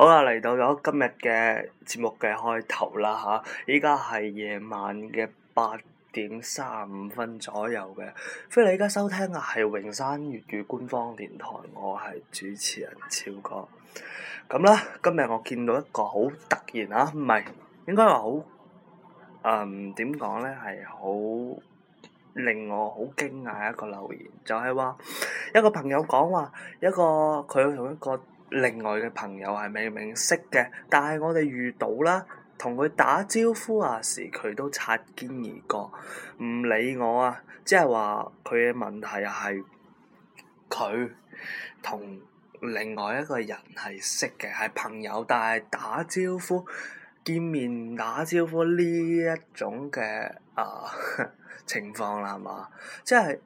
好啦，嚟到咗今日嘅節目嘅開頭啦嚇，而家係夜晚嘅八點三十五分左右嘅。歡迎你而家收聽嘅係榮山粵語官方電台，我係主持人超哥。咁啦，今日我見到一個好突然啊，唔係應該話好，嗯點講咧係好令我好驚訝一個留言，就係話一個朋友講話一個佢同一個。另外嘅朋友係明明識嘅，但係我哋遇到啦，同佢打招呼啊時，佢都擦肩而過，唔理我啊。即係話佢嘅問題係佢同另外一個人係識嘅，係朋友，但係打招呼、見面打招呼呢一種嘅啊、呃、情況啦，係嘛？即係。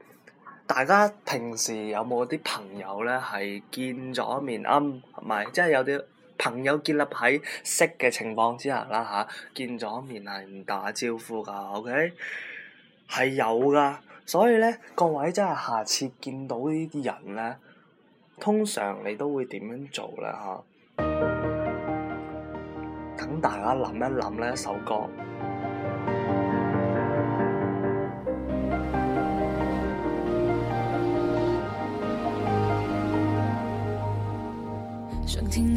大家平時有冇啲朋友咧，係見咗面，啱，唔、嗯、係，即係有啲朋友建立喺識嘅情況之下啦嚇、啊，見咗面係唔打招呼㗎，OK？係有㗎，所以咧各位真係下次見到呢啲人咧，通常你都會點樣做咧嚇？等、啊、大家諗一諗呢首歌。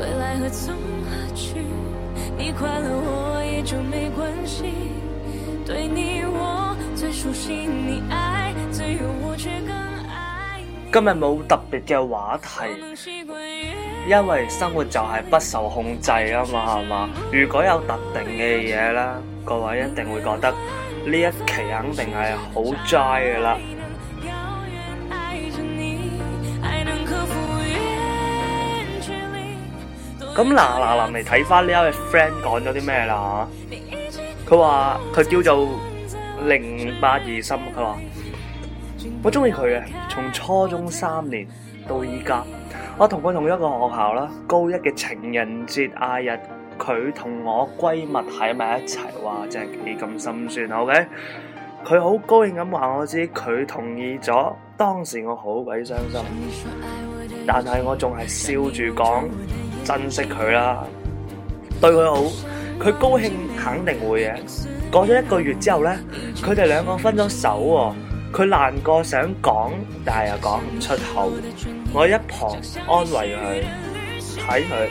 今日冇特別嘅話題，因為生活就係不受控制啊嘛，係嘛？如果有特定嘅嘢咧，各位一定會覺得呢一期肯定係好齋噶啦。咁嗱嗱嗱嚟睇翻呢一位 friend 講咗啲咩啦吓？佢話佢叫做零八二三，佢話我中意佢嘅，從初中三年到而家，我同佢同一個學校啦。高一嘅情人節啊日，佢同我閨蜜喺埋一齊，哇，真係幾咁心酸，OK，佢好高興咁話我知，佢同意咗，當時我好鬼傷心，但係我仲係笑住講。珍惜佢啦，對佢好，佢高興肯定會嘅。過咗一個月之後咧，佢哋兩個分咗手喎，佢難過想講，但係又講唔出口。我一旁安慰佢，睇佢。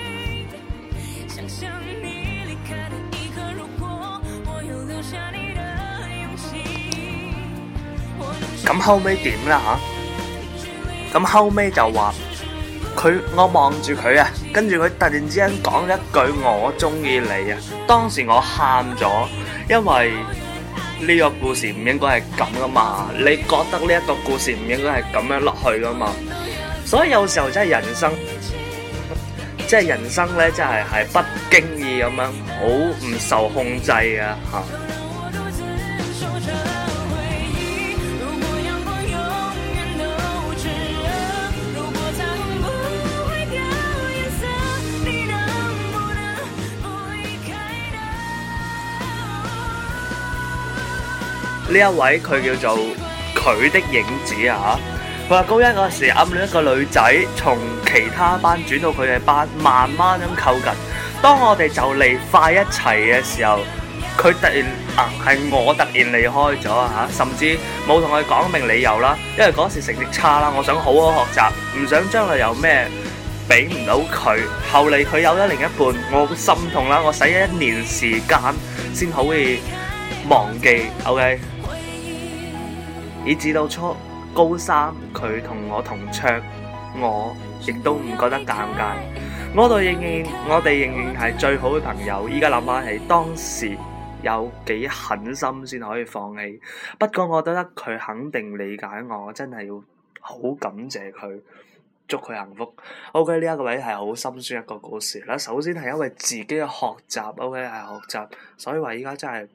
咁 後尾點啦吓？咁後尾就話。佢，我望住佢啊，跟住佢突然之間講咗一句我中意你啊，當時我喊咗，因為呢個故事唔應該係咁噶嘛，你覺得呢一個故事唔應該係咁樣落去噶嘛，所以有時候真係人生，即係人生咧，真係係不經意咁樣，好唔受控制㗎嚇。啊。呢一位佢叫做佢的影子啊！佢話高一嗰時暗戀一個女仔，從其他班轉到佢哋班，慢慢咁靠近。當我哋就嚟快一齊嘅時候，佢突然啊，係我突然離開咗啊！甚至冇同佢講明理由啦，因為嗰時成績差啦，我想好好學習，唔想將來有咩俾唔到佢。後嚟佢有咗另一半，我心痛啦，我使咗一年時間先可以忘記。OK。以至到初高三，佢同我同桌，我亦都唔覺得尷尬。我哋仍然，我哋仍然係最好嘅朋友。依家諗翻起，當時有幾狠心先可以放棄。不過我覺得佢肯定理解我，我真係要好感謝佢，祝佢幸福。OK，呢一個位係好心酸一個故事啦。首先係因為自己嘅學習，OK 係學習，所以話依家真係。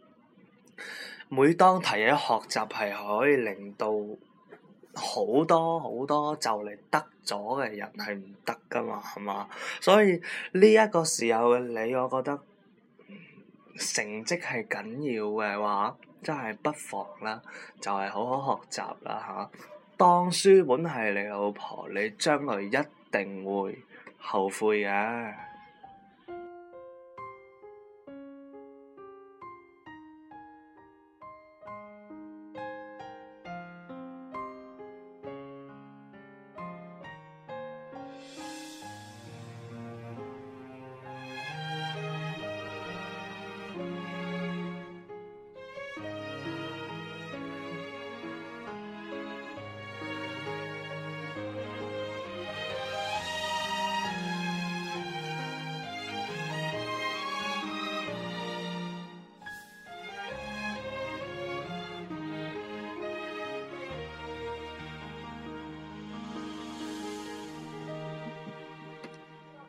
每當提起學習，係可以令到好多好多就嚟，得咗嘅人係唔得㗎嘛，係嘛？所以呢一、這個時候嘅你，我覺得成績係緊要嘅話，真係不妨啦，就係、是、好好學習啦吓、啊。當書本係你老婆，你將來一定會後悔嘅。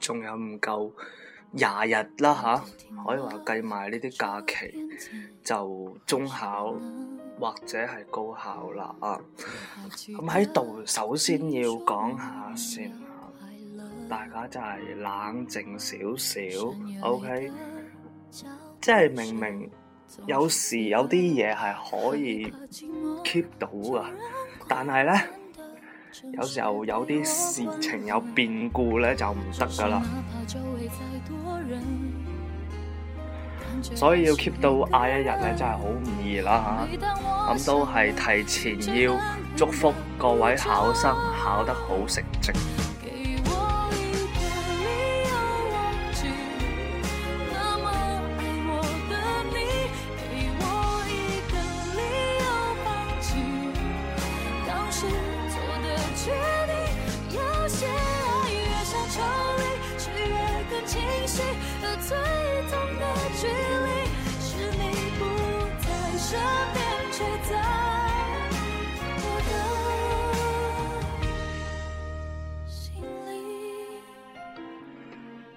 仲有唔夠廿日啦嚇、啊，可以話計埋呢啲假期，就中考或者係高考啦啊！咁喺度首先要講下先、啊、大家就係冷靜少少，OK？即係明明有時有啲嘢係可以 keep 到㗎，但係咧。有時候有啲事情，有變故咧就唔得噶啦，所以要 keep 到嗌一日咧真係好唔易啦吓，咁、嗯、都係提前要祝福各位考生考得好成績。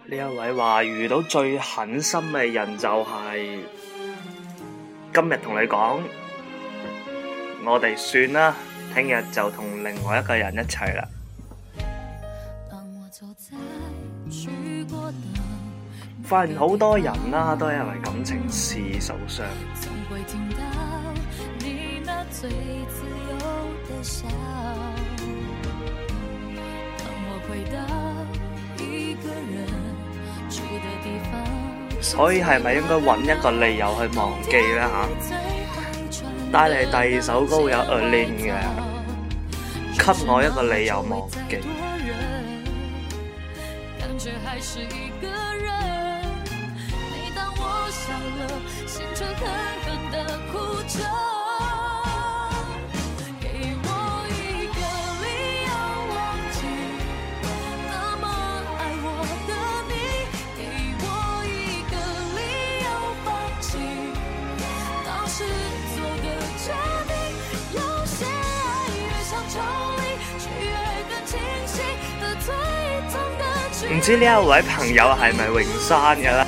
呢一位話遇到最狠心嘅人就係今日同你講，我哋算啦，聽日就同另外一個人一齊啦。發現好多人啦，都因為感情事受傷。所以係咪應該揾一個理由去忘記呢？吓？帶嚟第二首歌會有阿 Lin 嘅，給我一個理由忘記。唔知呢一位朋友係咪榮山嘅啦？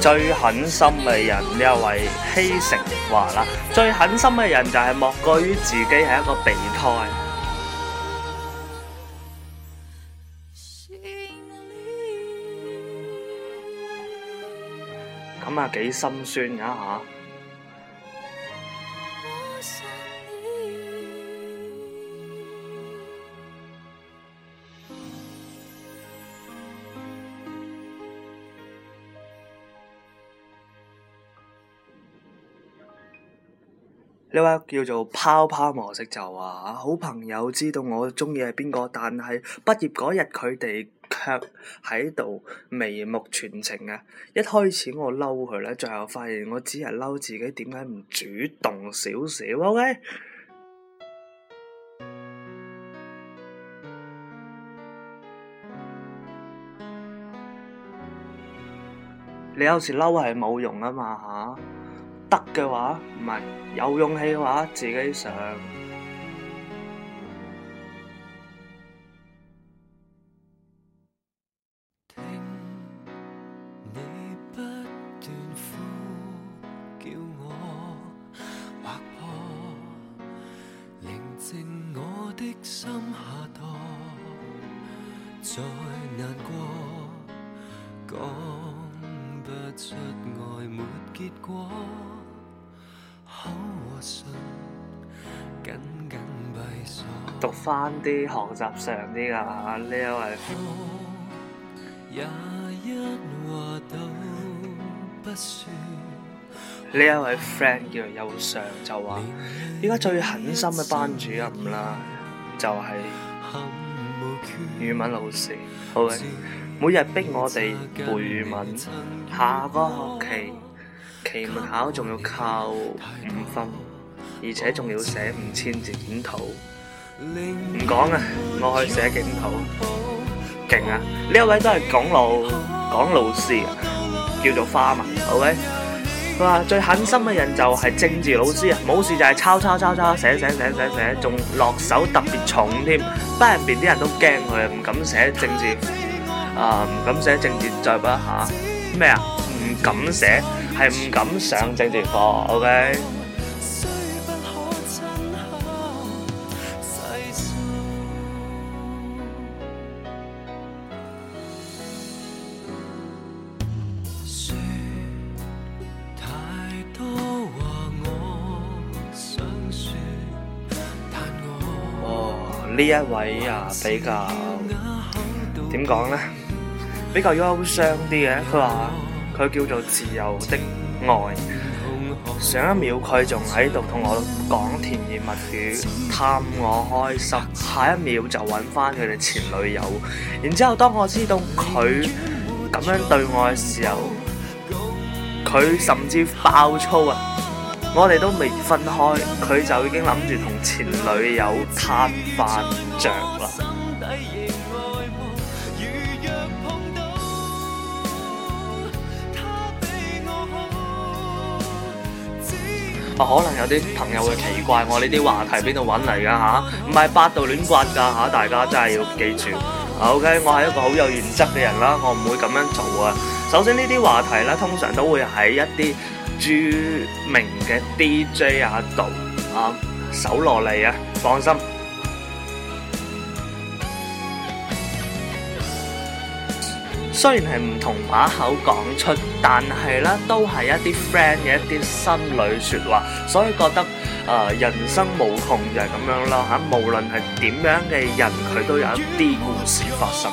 最狠心嘅人，呢一位希成華啦。最狠心嘅人就係莫過於自己係一個備胎。啊！幾心酸㗎吓。呢位叫做泡泡模式就話：好朋友知道我鍾意係邊個，但係畢業嗰日佢哋，卻喺度眉目傳情啊！一開始我嬲佢咧，最後發現我只係嬲自己，點解唔主動少少？OK，你有時嬲係冇用噶嘛吓，得、啊、嘅話唔係有勇氣嘅話，自己上。講不出果。好讀返啲學習上啲噶，呢一位呢一位 friend 叫做尤尚就話：，而家最狠心嘅班主任啦，就係、是。語文老師，好嘅，每日逼我哋背語文，下個學期期末考仲要扣五分，而且仲要寫五千字檢討，唔講啊，我去寫檢討，勁啊！呢一位都係講老講老師啊，叫做花文，好嘅。佢話最狠心嘅人就係政治老師啊！冇事就係抄抄抄抄寫寫寫寫寫，仲落手特別重添，班入面啲人都驚佢啊，唔敢寫政治啊，唔敢寫政治，再補一下咩啊？唔敢寫，係唔敢上政治課，OK。呢一位啊，比較點講呢？比較憂傷啲嘅。佢話佢叫做自由的愛，上一秒佢仲喺度同我講甜言蜜語，探我開心，下一秒就揾翻佢哋前女友。然之後當我知道佢咁樣對我嘅時候，佢甚至爆粗啊！我哋都未分開，佢就已經諗住同前女友攤飯著啦。啊，可能有啲朋友會奇怪，我呢啲話題邊度揾嚟噶嚇？唔係百度亂刮噶嚇，大家真係要記住。OK，我係一個好有原則嘅人啦，我唔會咁樣做啊。首先呢啲話題啦，通常都會喺一啲著名嘅 DJ 阿杜啊，手羅嚟啊，放心。雖然係唔同把口講出，但係咧都係一啲 friend 嘅一啲心裏說話，所以覺得啊，人生無窮就係咁樣咯吓，無論係點樣嘅人，佢都有一啲故事發生。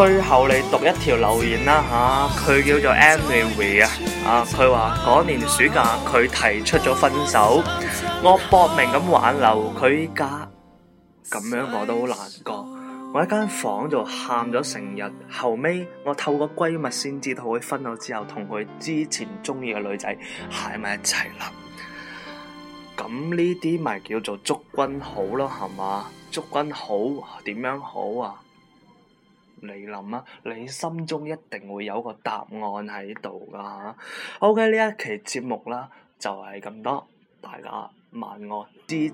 最後你讀一條留言啦吓，佢叫做 Annie 啊，啊佢話嗰年暑假佢提出咗分手，我搏命咁挽留佢依家咁樣我都好難過，我喺間房度喊咗成日，後尾我透過閨蜜先知道佢分手之後同佢之前中意嘅女仔喺埋一齊啦，咁呢啲咪叫做祝君好咯係嘛，祝君好點樣好啊？你諗啊？你心中一定會有個答案喺度㗎。OK，呢一期節目啦，就係、是、咁多，大家晚安之。